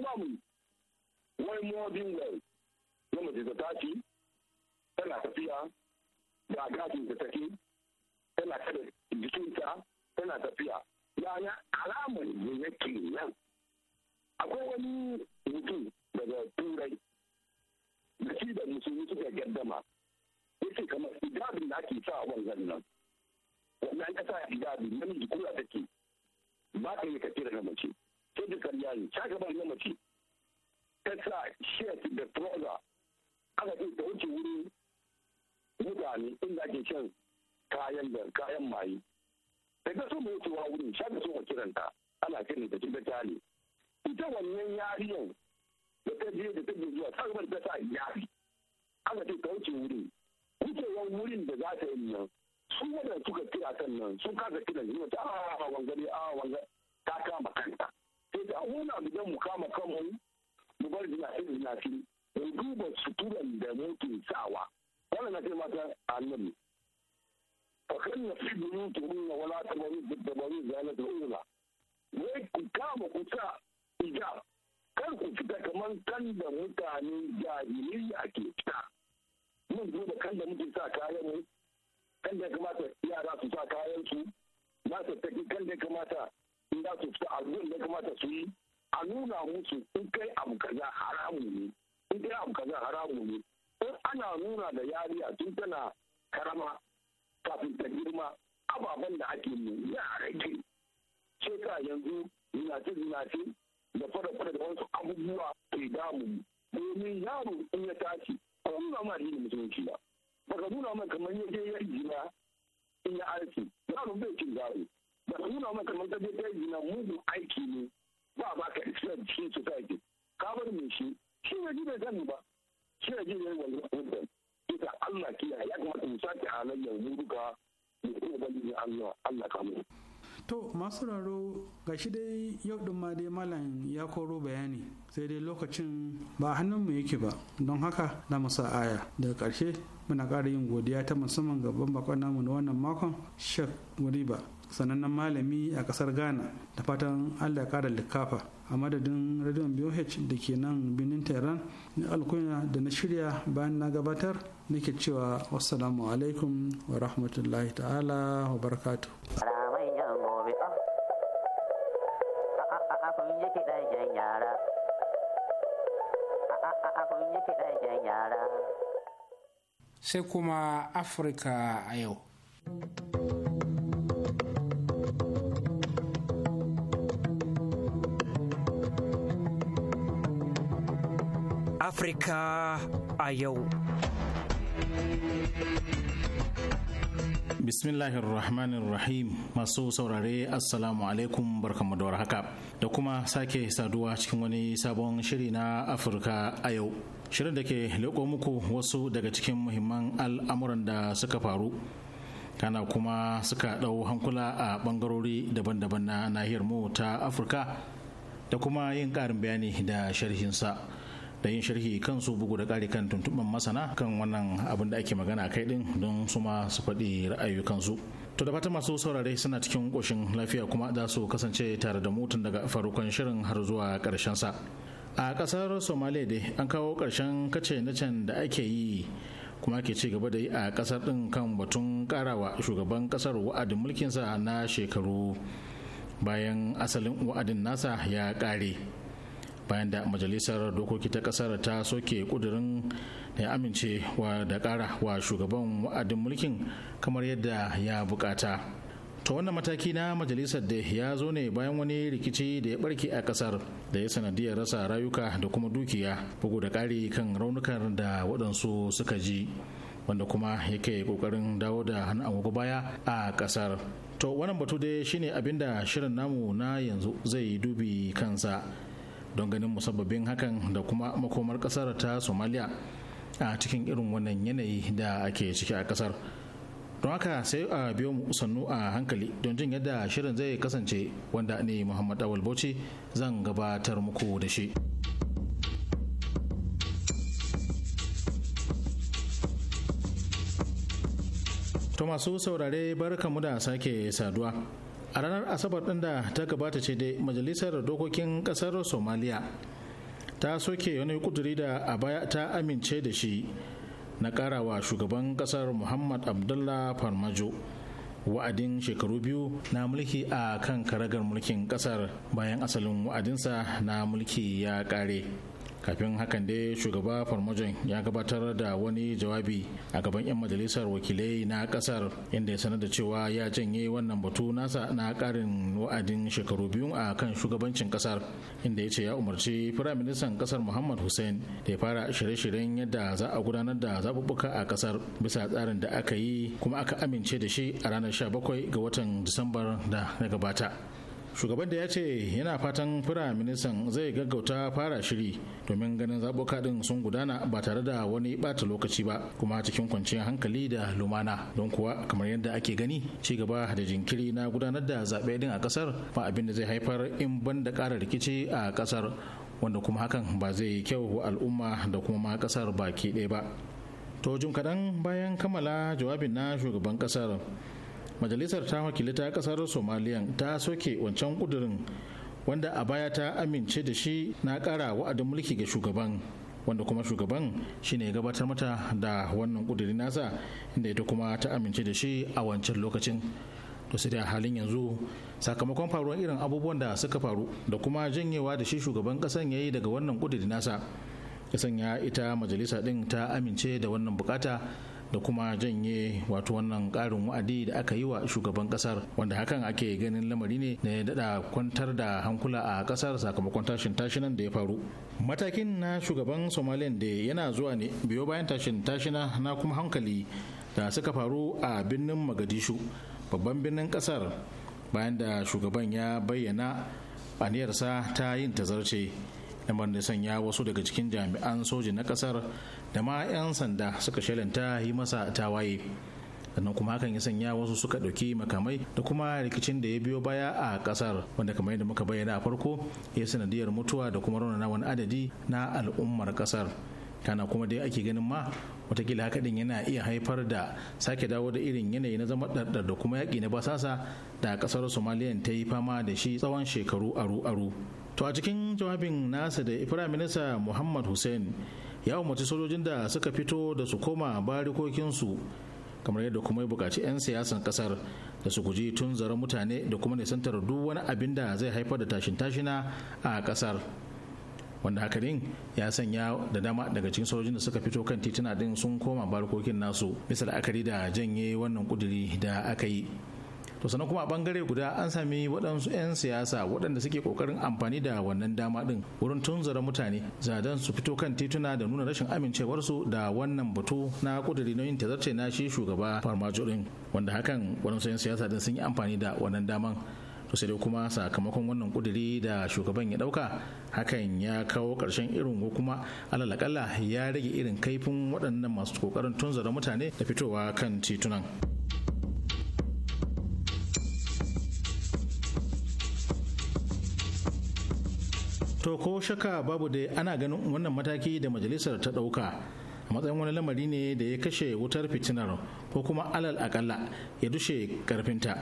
ba mu wai modern na mace ta tashi tana tafiya da gajin ta take tana kada jikinta tana tafiya yana alamar ne yake nan akwai wani mutum daga turai da shi da musulmi suka gaddama yake kamar hijabin da ake sa wannan nan wannan kasa hijabi namiji kula take ba ka yi ka na mace sai da karya ne ta gaba na mace ta sa shirt da trouser aka ce ta wuce wurin mutane inda ake shan kayan da kayan maye da ga sun mu wucewa wurin sha da so kiranta ana kiran ta cikin tale ita wannan yariyan da ta je da ta je zuwa ta gaba ta sa yari aka ce ta wuce wurin wucewar wurin da za ta yi nan su wadanda suka kira sannan sun kasa kiran yi wata a ah, wangare a ah, wangare ta kama kanta sai da wuna mu mu kama kanmu mu bar zinafi zinafi mu duba suturan da muke sawa wannan na ce mata annabi fakan na fi biyu to mun wala ta bari da bari zana da ula wai ku kama ku sa hijab kar ku fita kamar kan da mutane jahiliya ke fita mun duba kan da muke sa kayan mu kan da kamata yara su sa kayan su na tattaki kan da kamata za su fita abin da kamata su yi a nuna musu in kai abu kaza haramu ne in kai abu kaza haramu ne in ana nuna da yari a tun tana karama kafin ta girma ababen da ake yi ya rage ce ka yanzu zinace zinace da fada fada da wasu abubuwa ke damu domin yaro in ya tashi ba nuna ma addinin musulunci ba baka nuna ma kamar ya je ya yi in ya aiki yaro bai cin zaro. da nuna maka mun kaje ta yi na mugu aiki ne ba ba ka isra cikin society ka bar mai shi shi ne ji bai ba shi ne ji wani wannan ita Allah kiyaye ya kamata mu sake halan yanzu duka mu kuma bani ne Allah ka mu To masu raro ga shi dai yau ɗin ma dai malam ya koro bayani sai dai lokacin ba mu yake ba don haka na sa aya daga ƙarshe muna ƙara yin godiya ta musamman gaban bakon namu na wannan makon shek guriba sanannen malami a kasar ghana da fatan allah kara likafa a madadin radion boh da ke nan birnin tehran na alkunya da na shirya bayan na gabatar nake cewa wassalamu alaikum wa rahmatullahi ta'ala wa barakatu sai kuma afirka a yau Afrika a yau. bismillahir rahmanir rahim masu saurare assalamu alaikum barkamu da warhaka da kuma sake saduwa cikin wani sabon shiri na afirka a yau shirin da ke leƙo muku wasu daga cikin muhimman al'amuran da suka faru kana kuma suka ɗau hankula a ɓangarori daban-daban na nahiyar mu ta afirka da kuma yin ƙarin bayani da sharhinsa. da yin sharhi kansu bugu da ƙari kan tuntuɓin masana kan wannan abin da ake magana kai ɗin don su ma su faɗi ra'ayoyinsu. To da fatan masu saurare suna cikin ƙoshin lafiya kuma za su kasance tare da mutun daga farkon shirin har zuwa ƙarshen sa. A ƙasar Somalia dai an kawo ƙarshen kace na can da ake yi kuma ke ci gaba da yi a ƙasar ɗin kan batun ƙarawa shugaban ƙasar wa'adin mulkin sa na shekaru bayan asalin wa'adin nasa ya ƙare. bayan da majalisar dokoki ta kasar ta soke kudurin da ya amince wa da kara wa shugaban wa'adin mulkin kamar yadda ya bukata to wannan mataki na majalisar da ya zo ne bayan wani rikici da ya barke a kasar da ya sanadiyar rasa rayuka da kuma dukiya bugu da ƙari kan raunukan da waɗansu suka ji wanda kuma yake kokarin dawo da hannun agogo baya a kasar to wannan batu dai shine abinda shirin namu na yanzu zai dubi kansa don ganin musabbabin hakan da kuma makomar kasar ta somaliya a cikin irin wannan yanayi da ake ciki a kasar don haka sai a biyo mu sannu a hankali don jin yadda shirin zai kasance wanda ne muhammad awal bauchi zan gabatar muku da shi to masu saurare barkamu da sake saduwa a ranar asabar ɗin da ta gabata ce dai majalisar dokokin ƙasar somaliya ta soke wani kuduri da a baya ta amince da shi na karawa shugaban kasar muhammad abdullah farmajo wa'adin shekaru biyu na mulki a kan karagar mulkin kasar bayan asalin wa'adinsa na mulki ya kare kafin hakan dai shugaba farmajon ya gabatar da wani jawabi a gaban 'yan majalisar wakilai na kasar inda ya sanar da cewa ya janye wannan batu nasa na karin wa'adin shekaru biyu a kan shugabancin kasar inda ya ce ya umarci firaministan kasar muhammad hussein da ya fara shirye-shiryen yadda za a gudanar da zaɓuɓɓuka a kasar bisa tsarin da aka yi kuma aka amince da shi a ranar 17 ga watan disambar da na gabata shugaban da ya ce yana fatan fira ministan zai gaggauta fara shiri domin ganin zaɓuka ɗin sun gudana ba tare da wani ɓata lokaci ba kuma cikin kwanciyar hankali da lumana don kuwa kamar yadda ake gani ci gaba da jinkiri na gudanar da zaɓe ɗin a ƙasar ba abin da zai haifar in ban da ƙara rikici a ƙasar wanda kuma hakan ba zai yi kyau wa al'umma da kuma ma ƙasar baki ɗaya ba to jim kaɗan bayan kammala jawabin na shugaban ƙasar majalisar ta ta kasar somaliyan ta soke wancan kudurin wanda a baya ta amince da shi na kara wa'adin mulki ga shugaban wanda kuma shugaban shine ya gabatar mata da wannan kudurin nasa inda ita kuma ta amince da shi a wancan lokacin to sai a halin yanzu sakamakon faruwar irin abubuwan da suka faru da kuma janyewa da shi shugaban kasan ya yi daga wannan kuduri nasa kasan ya ita majalisa din ta amince da wannan bukata da kuma janye wato wannan ƙarin wa'adi da aka yi wa shugaban ƙasar wanda hakan ake ganin lamari ne na ya daɗa kwantar da hankula a ƙasar sakamakon tashin tashinan da ya faru matakin na shugaban somaliya da yana zuwa ne biyo bayan tashin tashina na kuma hankali da suka faru a birnin magadishu babban birnin kasar bayan da shugaban ya bayyana aniyarsa ta yin tazarce lamar da sanya wasu daga cikin jami'an soji na kasar da ma 'yan sanda suka shelanta yi masa tawaye sannan kuma hakan ya sanya wasu suka ɗauki makamai da kuma rikicin da ya biyo baya a ƙasar wanda kamar yadda muka bayyana a farko ya sanadiyar mutuwa da kuma raunana wani adadi na al'ummar ƙasar kana kuma dai ake ganin ma watakila haka din yana iya haifar da sake dawo da irin yanayi na zama ɗarɗar da kuma yaƙi na basasa da ƙasar somaliyan ta yi fama da shi tsawon shekaru aru-aru to a cikin jawabin nasa da firayim minista muhammad hussein ya mace sojojin da suka fito da su koma barikokinsu kamar yadda kuma ya bukaci 'yan siyasan kasar da su guji tun zaren mutane da kuma nisantar duk wani abin da zai haifar da tashin tashina a kasar wanda hakanin ya sanya da dama daga cikin sojojin da suka fito kan tituna din sun koma barikokin nasu misal akari da janye wannan kuduri da aka yi to sannan kuma a bangare guda an sami waɗansu 'yan siyasa waɗanda suke kokarin amfani da wannan dama ɗin wurin tunzura mutane zadan su fito kan tituna da nuna rashin amincewarsu da wannan batu na ƙudiri nauyin tazarce na shi shugaba farmajo ɗin wanda hakan waɗansu 'yan siyasa ɗin sun yi amfani da wannan daman to sai dai kuma sakamakon wannan ƙudiri da shugaban ya ɗauka hakan ya kawo karshen irin ko kuma alalakalla ya rage irin kaifin waɗannan masu kokarin tunzura mutane da fitowa kan titunan. to ko shaka babu da ana ganin wannan mataki da majalisar ta ɗauka a matsayin wani lamari ne da ya kashe wutar fitinar ko kuma alal akalla ya dushe karfinta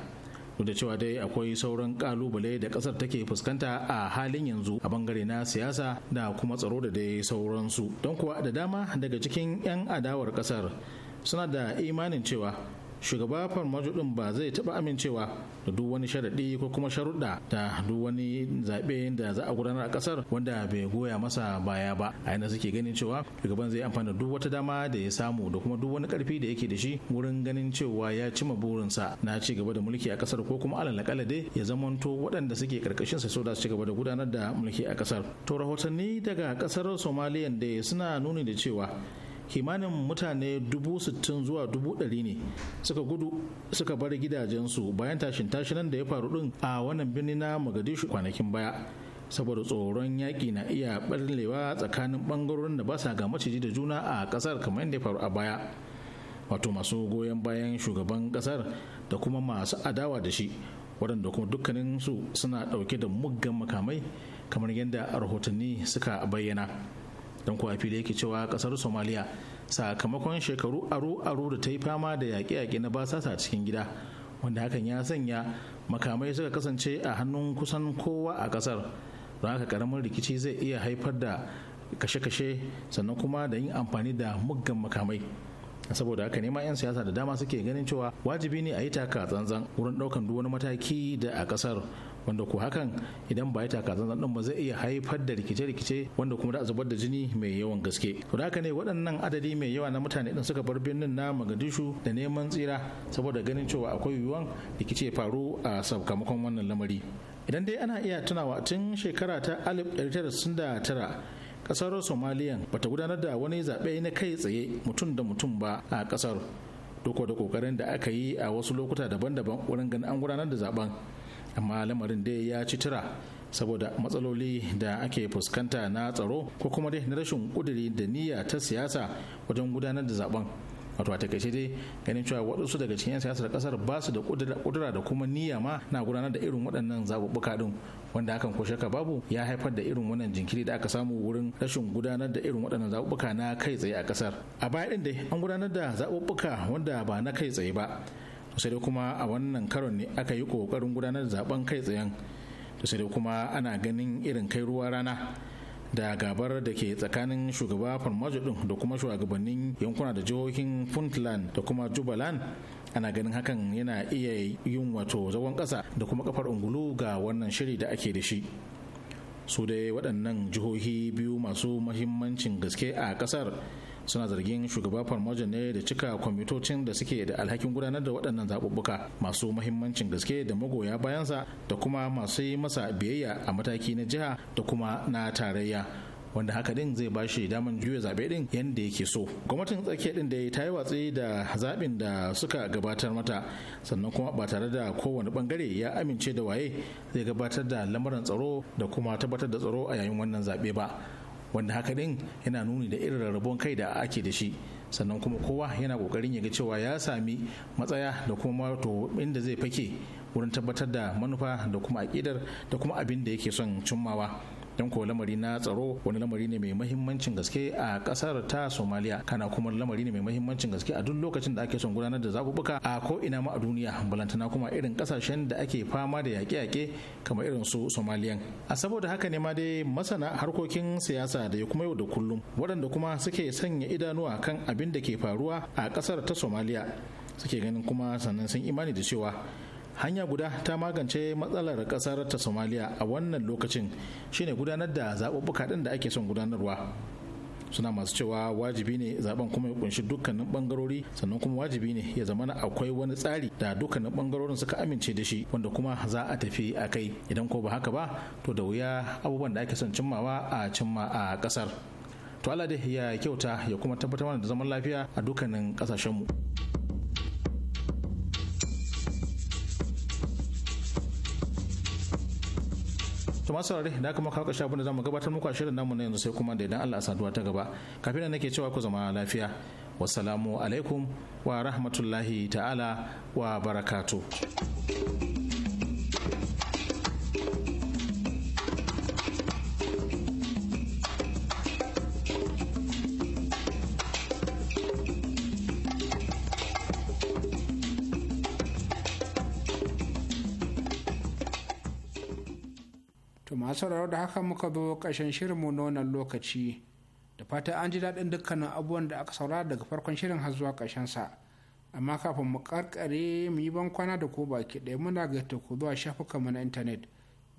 duk da cewa dai akwai sauran kalubale da kasar take fuskanta a halin yanzu a bangare na siyasa da kuma tsaro da dai sauransu don kuwa da dama daga cikin 'yan adawar kasar suna da imanin cewa shugaba farmajo din ba zai taba amincewa da duk wani sharadi ko kuma sharuɗa da duk wani zaɓe da za a gudanar a ƙasar wanda bai goya masa baya ba a yana suke ganin cewa shugaban zai amfana da duk wata dama da ya samu da kuma duk wani ƙarfi da yake da shi wurin ganin cewa ya cima burinsa na ci gaba da mulki a ƙasar ko kuma alal kala dai ya zamanto waɗanda suke karkashin sa so da su ci gaba da gudanar da mulki a ƙasar to rahotanni daga ƙasar somaliya da suna nuni da cewa kimanin mutane dubu sittin zuwa dubu ɗari ne suka gudu suka bar gidajensu bayan tashin tashinan da ya faru din a wannan birni na mogadishu kwanakin baya saboda tsoron yaƙi na iya ɓarlewa tsakanin ɓangarorin da ba sa ga maciji da juna a ƙasar kamar yadda ya faru a baya wato masu goyon bayan shugaban ƙasar da kuma masu adawa da shi waɗanda kuma dukkaninsu suna ɗauke da muggan makamai kamar yadda rahotanni suka bayyana. don kuwa fili yake cewa kasar somaliya sakamakon shekaru aro-aro da ta yi fama da yaƙe-yaƙe na basasa cikin gida wanda hakan ya sanya makamai suka kasance a hannun kusan kowa a kasar don haka karamin rikici zai iya haifar da kashe-kashe sannan kuma da yin amfani da muggan makamai saboda haka nema 'yan siyasa da dama suke ganin cewa wajibi ne a yi taka tsantsan wurin ɗaukan duk wani mataki da a kasar wanda ko hakan idan ba ya taka zanzan din ba zai iya haifar da rikice-rikice wanda kuma da zubar da jini mai yawan gaske to haka ne waɗannan adadi mai yawa na mutane din suka bar birnin na Mogadishu da neman tsira saboda ganin cewa akwai yiwuwan rikice faru a sakamakon wannan lamari idan dai ana iya tunawa tun shekara ta 1969 kasar somaliya bata gudanar da wani zaɓe na kai tsaye mutum da mutum ba a kasar duk da kokarin da aka yi a wasu lokuta daban-daban wurin ganin an gudanar da zaben amma lamarin dai ya ci tura saboda matsaloli da ake fuskanta na tsaro ko kuma dai na rashin kuduri da niyya ta siyasa wajen gudanar da zaben wato a takaice dai ganin cewa waɗansu daga cikin 'yan siyasar kasar ba su da ƙudura da kuma niyya ma na gudanar da irin waɗannan zaɓuɓɓuka ɗin wanda hakan ko shaka babu ya haifar da irin wannan jinkiri da aka samu wurin rashin gudanar da irin waɗannan zaɓuɓɓuka na kai tsaye a ƙasar. a baya ɗin dai an gudanar da zaɓuɓɓuka wanda ba na kai tsaye ba sai dai kuma a wannan karon ne aka yi kokarin gudanar da zaben kai tsayen sai dai kuma ana ganin irin kai ruwa rana da gabar da ke tsakanin shugaba farmajo din da kuma shugabannin yankuna da jihohin puntland da kuma jubaland ana ganin hakan yana iya yin wato zagon kasa da kuma kafar ungulu ga wannan shiri da ake da shi su dai waɗannan jihohi biyu masu mahimmancin gaske a ƙasar suna zargin shugaba farmaja ne da cika kwamitocin da suke da alhakin gudanar da waɗannan zaɓuɓɓuka masu mahimmancin gaske da magoya bayansa da kuma masu yi masa biyayya a mataki na jiha da kuma na tarayya wanda haka din zai ba shi daman juya zaɓe din yadda yake so gwamnatin tsakiya din da ya ta yi watsi da zaɓin da suka gabatar mata sannan kuma ba tare da kowane bangare ya amince da waye zai gabatar da lamuran tsaro da kuma tabbatar da tsaro a yayin wannan zaɓe ba wanda haka din yana nuni da irin rarrabon kai da ake da shi sannan kuma kowa yana kokarin ya ga cewa ya sami matsaya da kuma wato inda zai fake wurin tabbatar da manufa da kuma aƙidar da kuma abin da yake son cimmawa don ko lamari na tsaro wani lamari ne mai mahimmancin gaske a kasar ta somaliya kana kuma lamari ne mai mahimmancin gaske a duk lokacin da ake son gudanar da zabubuka a ko ina ma a duniya balantana kuma irin kasashen da ake fama da yaƙe-yaƙe kamar irin su somaliyan a saboda haka ne ma dai masana harkokin siyasa da ya kuma yau da kullum waɗanda kuma suke sanya idanuwa kan abin da ke faruwa a kasar ta somaliya suke ganin kuma sannan sun imani da cewa hanya guda ta magance matsalar kasar ta somaliya a wannan lokacin shine gudanar da zaɓuɓɓuka ɗin da ake son gudanarwa suna masu cewa wajibi ne zaben kuma ya kunshi dukkanin bangarori sannan kuma wajibi ne ya zamana akwai wani tsari da dukkanin bangarorin suka amince da shi wanda kuma za a tafi a kai idan ko ba haka ba to da wuya abubuwan da ake son cimmawa a cimma a kasar to dai ya kyauta ya kuma tabbatar da zaman lafiya a dukkanin kasashenmu. mu to masu saurare da kuma kawo ƙarshe abin da zamu gabatar muku a shirin namu na yanzu sai kuma da idan Allah saduwa ta gaba kafin nan nake cewa ku zama lafiya wassalamu alaikum wa rahmatullahi ta'ala wa barakatuh sauraro da haka muka zo ƙarshen shirinmu na wannan lokaci da fata an ji daɗin dukkanin abubuwan da aka saurara daga farkon shirin har zuwa sa amma kafin mu karkare mu yi ban da ko baki ɗaya muna ga ku zuwa shafukanmu na intanet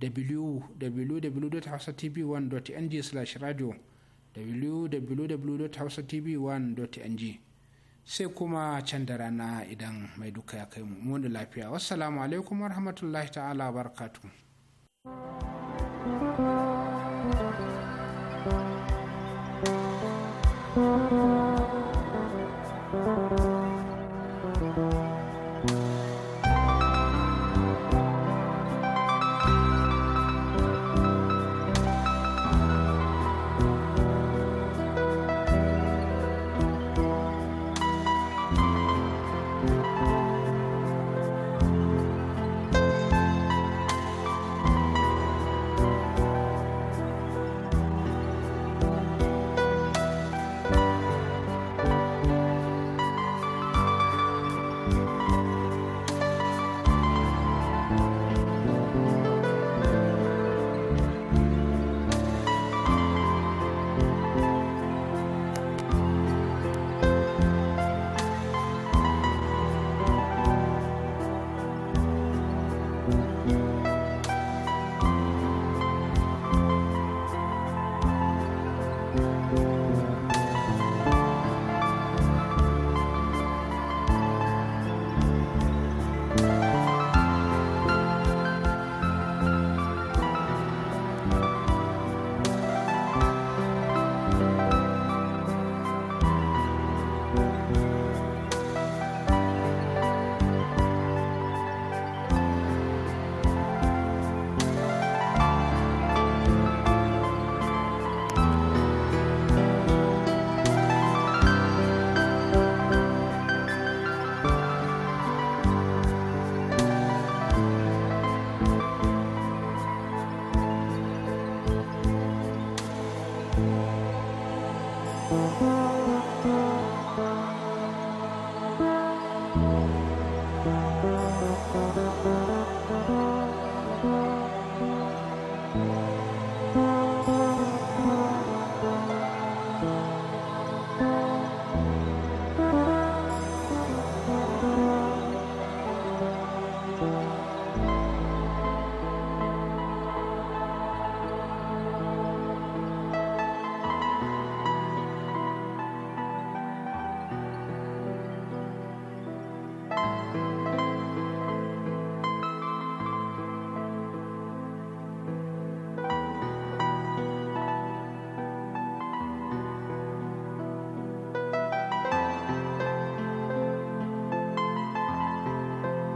www.hausatv1.ng/radio www.hausatv1.ng sai kuma can da rana idan mai duka ya kai mu muni lafiya wassalamu alaikum warahmatullahi ta'ala barkatu. Música